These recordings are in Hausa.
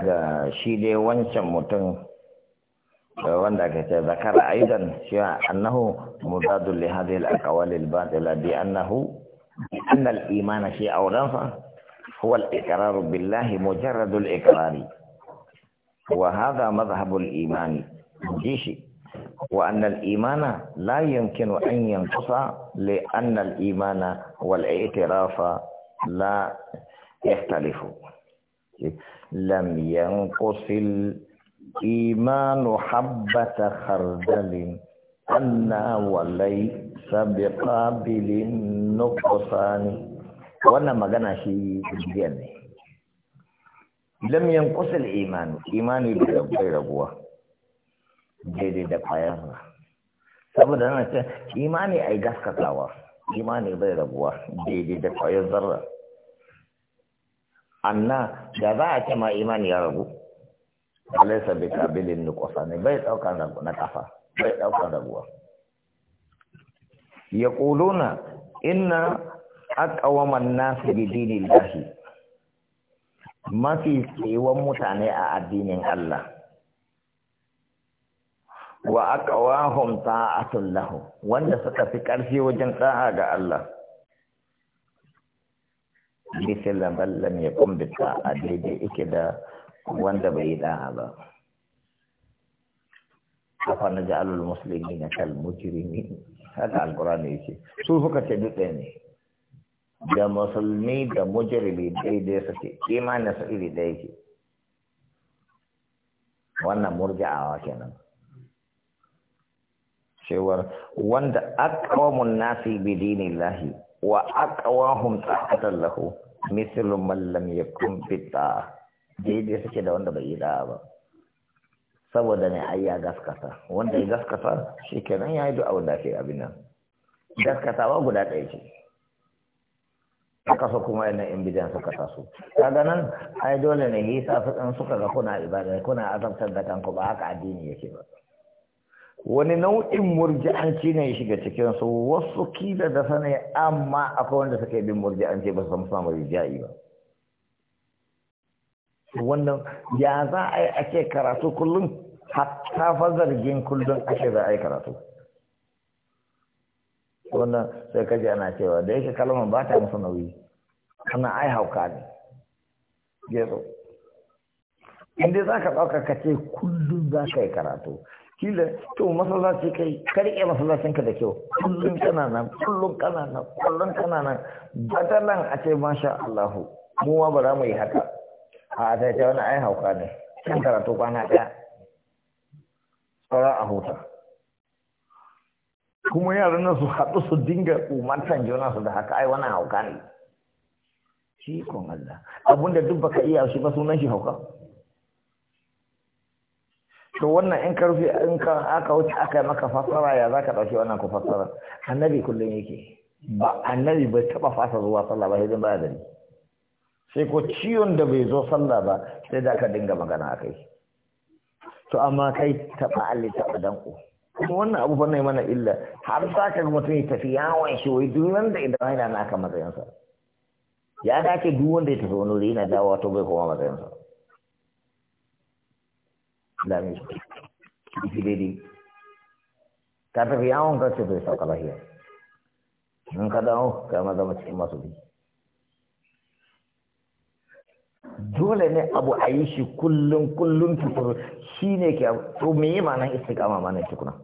da shi dai wancan mutum wanda ke ce zakara aidan shi annahu mudadul li hadhihi al-aqwal al-batila bi annahu anna al-iman shi awrafa huwa al-iqrar billahi mujarrad al-iqrar wa hadha madhhab al-iman jishi wa anna al-iman la yumkinu an yanqasa li anna al-iman wal-i'tiraf la yahtalifu Lamyan yang kosil iman habbat khardalin anna walai sabiqa bilin nuqsan wannan magana shi gidan ne lam iman iman bai rabuwa dai dai da saboda nan sai imani ai gaskatawa imani bai rabuwa dai dai da bayarwa anna da za a ce ma imani ya rabu alaisa bi kabilin nuqasa ne bai daukan rabu na kafa bai daukan rabuwa yaquluna inna aqwama an-nasi bi dinillahi mafi tsewon mutane a addinin Allah wa aqwahum ta'atun lahu wanda suka fi karfi wajen ta'a ga Allah bisa laballan ya kumbita a daidai ike da wanda bai yi ɗa'a ba afa na ja'alul musulmi na kal mujrimi haka alkurani yake su suka ce dutse ne da musulmi da mujrimi daidai suke imani su iri ɗaya yake wannan murja'awa kenan cewar wanda aqwamun nasi bi dinillahi wa aqwahum tahtan lahu mithlu man lam yakun bita dai suke da wanda bai yi da'a ba saboda ne ai ya gaskata wanda ya gaskata shikenan ya yi du'a wanda ke abin nan gaskatawa guda ɗaya ce aka so kuma yana in bidan suka taso kaga nan ai dole ne yi sa suka ga kuna ibada kuna azabtar da kanku ba haka addini yake ba wani nau'in murji'anci ne ya shiga cikin su wasu kila da sane amma akwai wanda suka yi bin murji'anci ba su samu rija'i ba wannan ya za a yi ake karatu kullum hatta fa zargin kullum ake za a yi karatu wannan sai kaji ana cewa da yake kalmar ba ta musu nauyi ana ai hauka ne gero inda za ka ɗauka ka ce kullum za ka yi karatu kila to masallaci kai ka rike masallacinka da kyau kullum kana nan kullum kana nan kullum kana nan batalan a ce masha Allah mu ma ba za mu yi haka a sai ta wani ai hauka ne kan karatu kwana daya tsara a huta kuma yaran nan su haɗu su dinga umartan juna su da haka ai wani hauka ne shi kon Allah abinda duk baka iya shi ba sunan shi hauka to wannan in karfi in ka aka wuce aka yi maka fassara ya za ka ɗauki wannan ku fassara annabi kullum yake ba annabi bai taɓa fasa zuwa sallah ba hidin ba gari sai ko ciwon da bai zo sallah ba sai da ka dinga magana a kai to amma kai taɓa alli taɓa danko kuma wannan abu fa mana illa har sa ka mutum ya tafi yawon shi wai duk wanda idan yana naka matsayinsa ya dace duk wanda ya tafi wani wuri yana dawowa to bai koma matsayinsa dame shi daidai ka tafi yawon ka ce zai sauka lahiya in ka dawo oh, ka ma zama cikin masu bi dole ne abu a yi shi kullum kullum tukuru shi ne ke abu to me yi ma nan istiƙama ma nan tukuna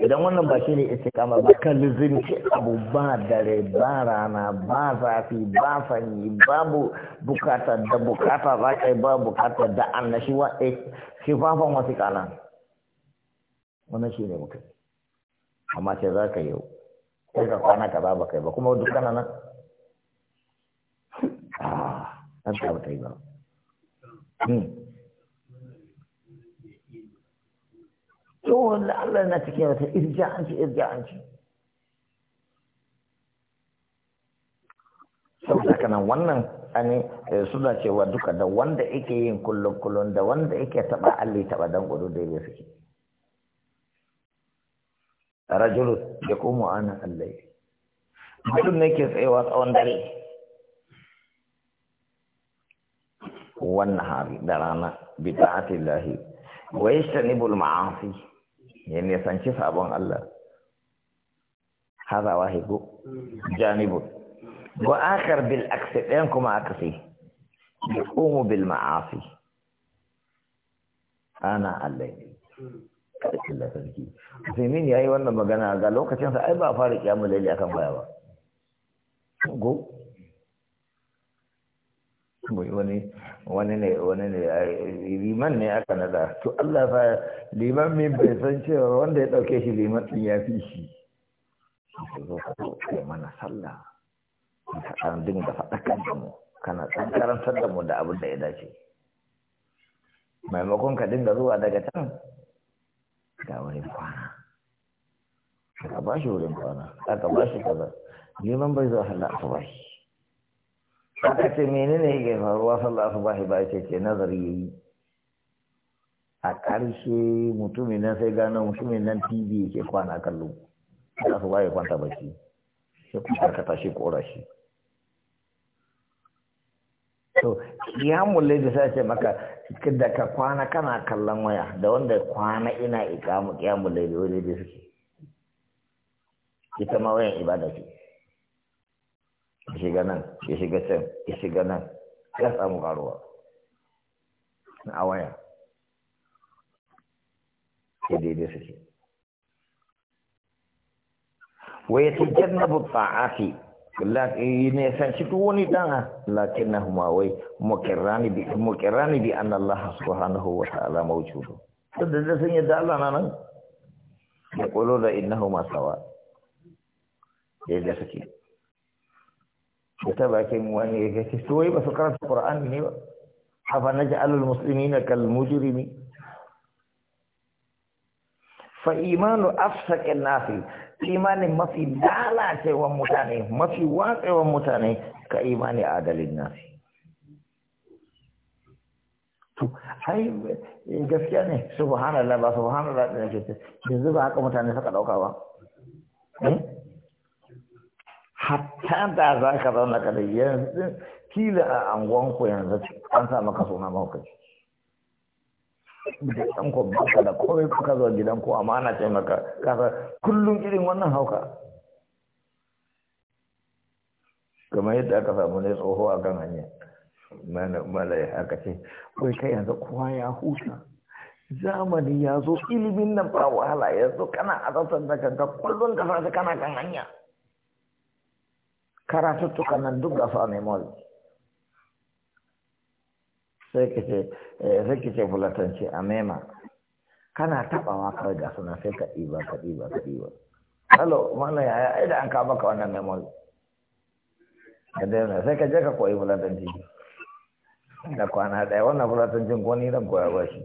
idan wannan ba shi ne istiqama ba kan lizinci abu ba dare ba rana ba zafi ba sanyi babu bukata da bukata za ka ba bukata da annashiwa eh, shifafan wasu kalan wannan shi ne mutum amma ce za ka yau sai ka kwana ka ba kai ba kuma duk kana nan ah an ta ba ta yi ba hmm. to da Allah na cikin wata irja'anci irja'anci saboda haka nan wannan ani suna cewa duka da wanda yake yin kullum kullum da wanda yake taba Allah taba dan gudu da yake suke rajulu yaqumu ana Allah mutum ne ke tsayawa tsawon dare wannan hari da rana bi ta'atillahi wa yastanibul ma'asi ya nisanci sabon Allah haza wahibu janibu wa akar bil aksi ɗayan kuma akasi yaqumu bil ma'asi ana Allah Allah sarki Usaimin yayi wannan magana ga lokacin sa ai ba fara kiyamul lalle akan baya ba go wani wani ne wani ne liman ne aka nada to Allah fa liman min bai san cewa wanda ya dauke shi liman din ya fi shi zo ka kai mana sallah ka din da fada da mu kana san karantar da mu da abin da ya dace maimakon ka dinga zuwa daga can ga wani kwana Ka ba shi wurin kwana ka ba shi kaza liman bai zo halla ka ba shi aka ce ne yake faruwa sallah bashi ba ce ce nazari yayi a ƙarshe mutumin nan sai gano mutumin nan tv yake kwana kallo sallah bashi kwanta baki sai ku ka shi kora shi to mulle da sai ce maka da ka kwana kana kallon waya da wanda kwana ina ikamu kiyamun da wani da suke ita ma wayan ibada ce ya shiga nan ya shiga can ya shiga nan ya samu karuwa a waya ya daidai su ce wa ya tijjar na butta'afi yi ne san shi duk wani dana lakin na wai mukirrani bi mukirrani bi an Allah subhanahu wa ta'ala mawjudu duk da sun yadda Allah na nan ya kulo da innahu masawa daidai suke كتب كيمواني كتستوي بس قرأت في القرآن مني حفا نجعل المسلمين كالمجرمين فإيمان أفسك الناس إيمان ما في دالة ومتاني ما في واقع ومتاني كإيمان عادل الناس هاي جفتياني سبحان الله سبحان الله جزبها كمتاني فقط أوكاوا 嗯。Okay. hatta da za ka zauna ka da yanzu kila a angonku yanzu an sa maka suna mahaukaci da ɗanku baka da kowai kuka zo gidanku amma ana ce maka kasa kullum irin wannan hauka kamar yadda aka samu ne tsoho a kan hanya mala aka haka ce kai kai yanzu kowa ya huta zamani ya zo ilimin nan ba wahala yanzu kana azantar da kanka kullum ka kana kan hanya karatuttukan nan duk gasu mai memory sai ka ce eh, sai ce fulatanci a mema kana tabawa kawai gasu na sai ka ɗiba ka ɗiba ka ɗiba halo mana yaya ai da an kawo baka wannan memory da daina sai ka je ka koyi fulatanci da kwana ɗaya wannan fulatancin ko ni zan koya ba shi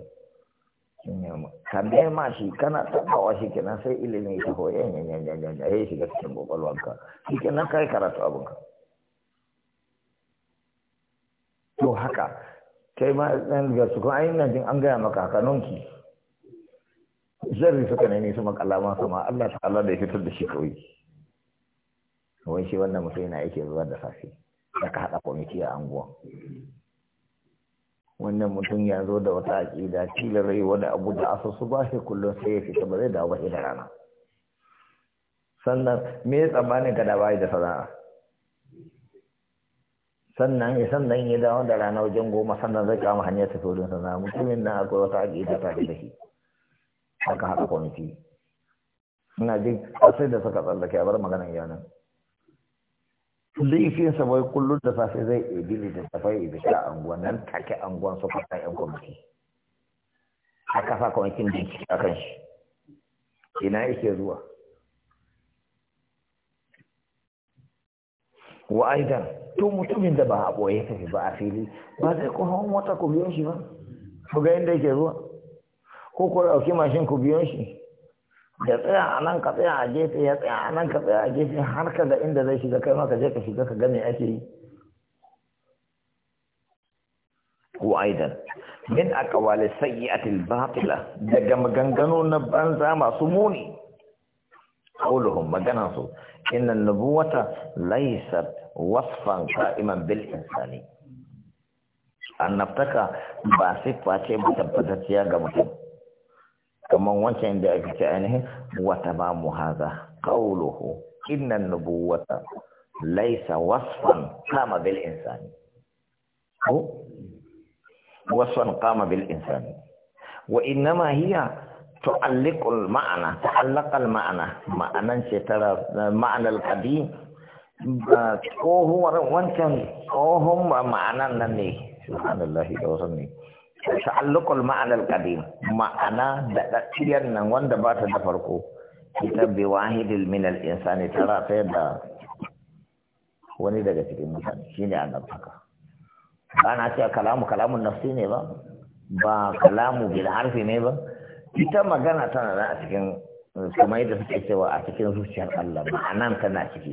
Kande eh, eh, ma shi kana tabawa shi kenan sai ilimi ta ko yanyan, yan yan yan ya shiga cikin kwakwalwanka shi kenan kai karatu to haka kai ma ɗan ga su kuma an gaya maka haka nonki zarri suka nemi su makalama sama Allah ta Allah da ya fitar da shi kawai wai shi wannan mutum yana yake zuwa da safe da ka haɗa kwamiti a anguwan wannan mutum ya zo da wata aƙida kila rai wani abu da asa su ba shi kullum sai ya fi ba zai dawo ba da rana sannan me ya tsammanin ka da bayi da sana'a sannan ya sannan ya dawo da rana wajen goma sannan zai kama hanyar ta saurin sana'a mutumin nan akwai wata aƙida ta da shi haka haka kwamiti ina jin asali da suka tsallake a bar maganan yanar laifinsa wai kullum da safe zai ebi littattafai ebi ta anguwan nan take anguwan su fata yan kwamiti a kasa kwamitin bincike a kan shi ina yake zuwa wa aidan to mutumin da ba a ɓoye tafi ba a fili ba zai ko hawan wata ku biyan shi ba ku ga inda yake zuwa ko ku dauki mashin ku biyan shi da tsaya a nan ka tsaya a gefe ya tsaya a nan ka tsaya a gefe har ka inda zai shiga kai maka shiga ka gane ake yi ko aidan min a kawale sai atil batila daga maganganu na banza masu muni kauluhun magana su inna nubuwata laisar wasfan ka'iman bil insani annabtaka ba sai face mutabbatacciya ga mutum kamar wancan da aka ce ainihin wata ma mu haza qawluhu inna nubuwata laysa wasfan kama bil insani ko wasfan kama bil insani wa innama hiya تعلق المعنى تعلق المعنى معنى ترى معنى القديم wancan tsohon ma'anan nan ne subhanallah da ne ta'alluqul ma'anar qadim ma'ana da dakkiyar nan wanda ba ta da farko ita bi wahidil min al insani tara ta yadda wani daga cikin mutane shine Ba ana cewa kalamu kalamun nafsi ne ba ba kalamu bil harfi ne ba ita magana tana da a cikin kamar da suke cewa a cikin zuciyar Allah ma'anan tana ciki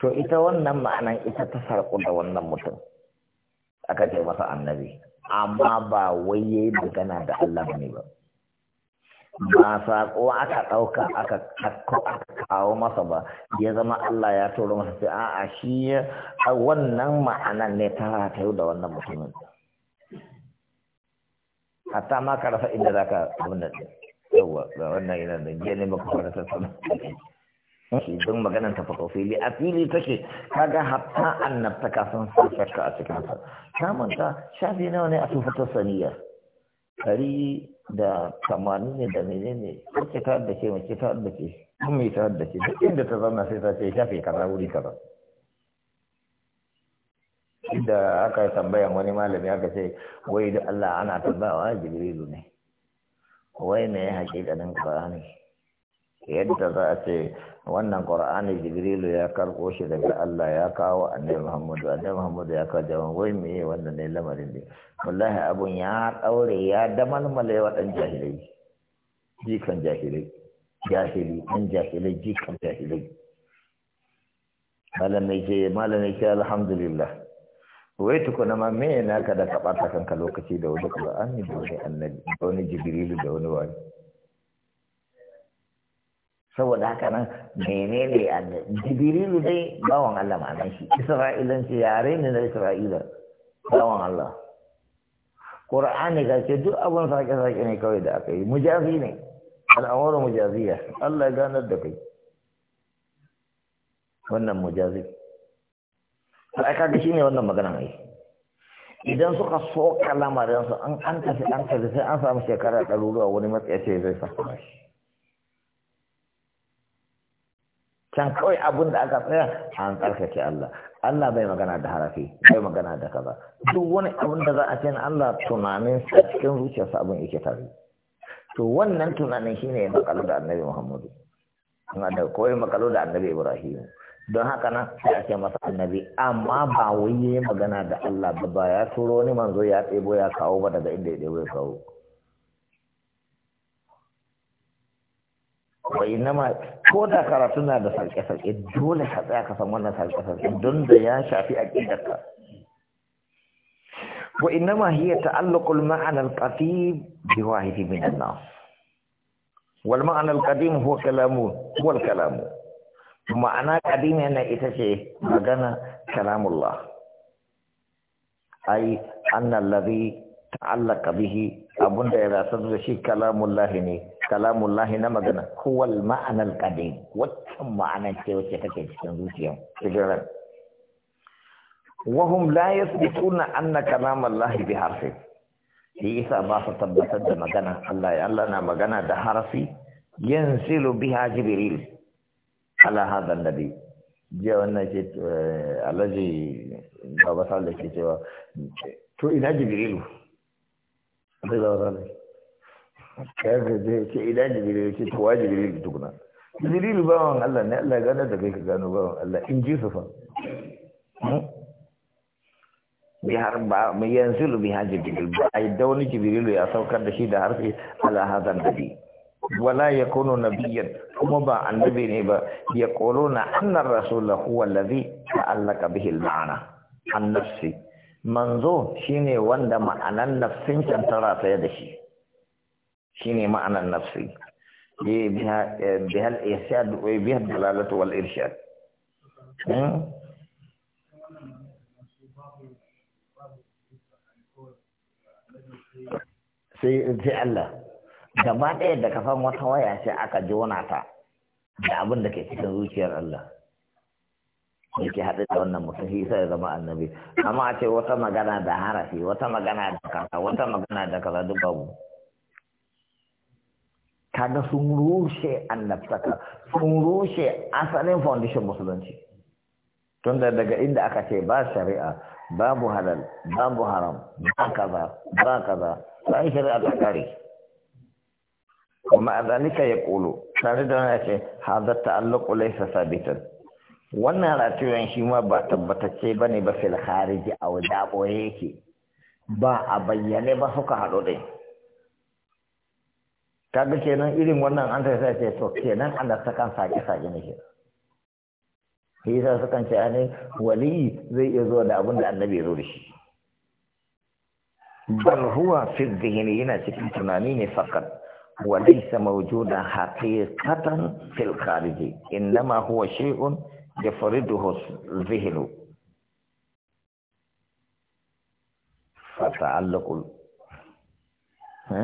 to ita wannan ma'anan ita ta farko da wannan mutum aka ce masa annabi amma ba wai yayi magana da Allah ne ba ba saƙo aka ɗauka aka kawo masa ba ya zama Allah ya turo masa sai a'a shi wannan ma'anar ne ta yau da wannan mutumin hatta ma ka rasa inda zaka abin da yawa wannan yana da gene maka ko ta don maganar ta fako fili a fili take kaga hatta annabta kasan sun shakka a cikin sa samun ta shafi nawa ne a tufatar saniya kari da tamanin ne da ne, wacce ta da ke wacce ta da ke kuma mai ta da ke duk inda ta zauna sai ta ce shafi kaza wuri kaza inda aka tambayan wani malami aka ce wai da Allah ana tambawa jibrilu ne wai me haƙiƙanin qur'ani yadda za a ce wannan qur'ani jibrilu ya karko shi daga Allah ya kawo annabi Muhammadu annabi Muhammadu ya kawo jama'a wai me wannan ne lamarin ne wallahi abun ya daure ya damalmale wadan jahilai jikan jahilai jahili an jahilai jikan jahilai malamai ce malamai ce alhamdulillah wai tukuna ma me na ka da ka bata kanka lokaci da wani qur'ani da wani annabi da wani jibrilu da wani wani saboda haka nan menene Allah Jibrilu dai bawan Allah ma'anar shi Isra'ilanci yare ne na Isra'ila bawan Allah Qur'ani ga ce duk abin sake-sake ne kawai da aka yi mujazi ne al'amuran mujaziya Allah ganar da kai wannan mujazi aka ga shine wannan magana ai idan suka so kalamarin su an an tafi an tafi sai an samu shekara ɗaruruwa wani matsayace zai sa shi can kawai abin da aka tsaya an tsarkake Allah Allah bai magana da harafi bai magana da kaza duk wani abin da za a ce Allah tunanin sa cikin zuciyarsa abin yake tare to wannan tunanin shine ya makalo da Annabi Muhammadu kuma da kawai makalo da Annabi Ibrahim don haka na sai a ce masa annabi amma ba wai yayi magana da Allah ba ya turo ni manzo ya tsebo ya kawo ba daga inda ya tsebo ya kawo innama ko da karatu na da salke-salke dole ka tsaya ka san wannan salke don da ya shafi aqidarka wa innama hiya ta'alluqul ma'ana al-qadim bi wahid min an-nas wal al-qadim huwa kalamu huwa kalamu ma'ana qadim yana ita ce magana kalamullah ai anna alladhi ta'allaqa bihi abunda ya rasu da shi kalamullahi ne Kalamun lahi na magana kowal ma'anar kadai waccan ma'anar ce wacce take cikin zuciya shigarar wahum la yasbituna anna kalamallahi bi harfi shi isa ba su tabbatar da magana Allah ya Allah na magana da harfi yanzilu biha Jibiril. ala hadha nabi jiya wannan ce eh, alaji baba sallah ke cewa to ina jibrilu sai baba sallah kayan zai ce idan ya ce to wa ya tukuna ba bawan Allah ne Allah gane da kai ka gano bawan Allah in ji su fa hmm? bi har ba mu yanzu bi har jibiri ba ai da wani jibiri ya saukar da shi da harfi ala hadan dabi wala yakunu nabiyyan kuma ba annabi ne ba ya yaquluna anna rasula huwa alladhi ta'allaqa bihi al-ma'na an-nafsi manzo shine wanda ma'anan nafsin can tara da shi shine ma'anan nafsi biha biha eh, bihal ihsad wa biha dalalatu wal irshad hmm? sai sai Allah gaba ɗaya da kafan wata waya sai aka jona ta da abin da ke cikin zuciyar Allah yake haɗe da wannan mutum shi sai zama annabi amma a ce wata magana da harafi wata magana da kaza wata magana da kaza duk babu kaga sun rushe annabtaka sun rushe asalin foundation musulunci tunda daga inda aka ce ba shari'a babu halal babu haram ba kaza ba kaza sai shari'a ta kare kuma adalika ya kulu tare da wani ce hadar ta'alluqu laysa sabitan wannan ratiyon shi ma ba tabbatacce bane ba fil khariji a waje boye yake ba a bayyane ba suka haɗo dai kaga kenan irin wannan an sai sai to kenan Allah ta kan sake sake ne shi shi yasa kan ce ne wali zai iya zo da abin da annabi ya zo da shi bal huwa fi dhihni yana cikin tunani ne fakat wa laysa mawjuda haqiqatan fil kharij innama huwa shay'un yafriduhu dhihnu fata'allaqu ha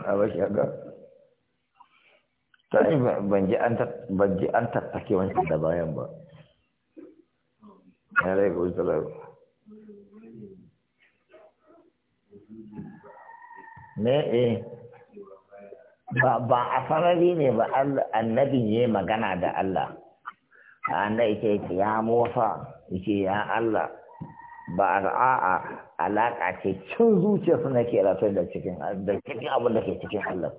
a ba shi haka ta yi ban ji an tattake wancan da bayan ba ya rai ga wuce lagu ne eh ba ba a farari ne ba annabin ya magana da Allah a annabin ya ce ya mofa ya ce ya Allah ba a'a alaka ce cin zuciya suna ke rasu da cikin da cikin abin da ke cikin Allah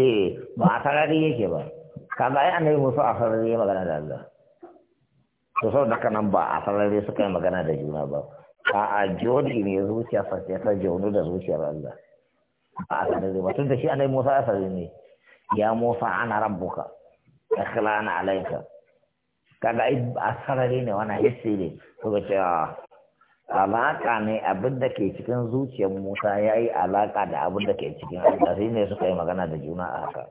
eh ba a sarari yake ba kaga ai annabi Musa a sarari ya magana da Allah to da kanan ba a sarari suka yi magana da juna ba a'a jodi ne zuciya sa ta jaunu da zuciyar Allah ba a sarari ba tun da shi annabi Musa a sarari ne ya Musa ana rabbuka ikhlan alayka kaga ai asarare ne wannan hissi ne ko cewa alaka ne abin da ke cikin zuciyar Musa yayi alaka da abin da ke cikin alaka ne suka yi magana da juna a haka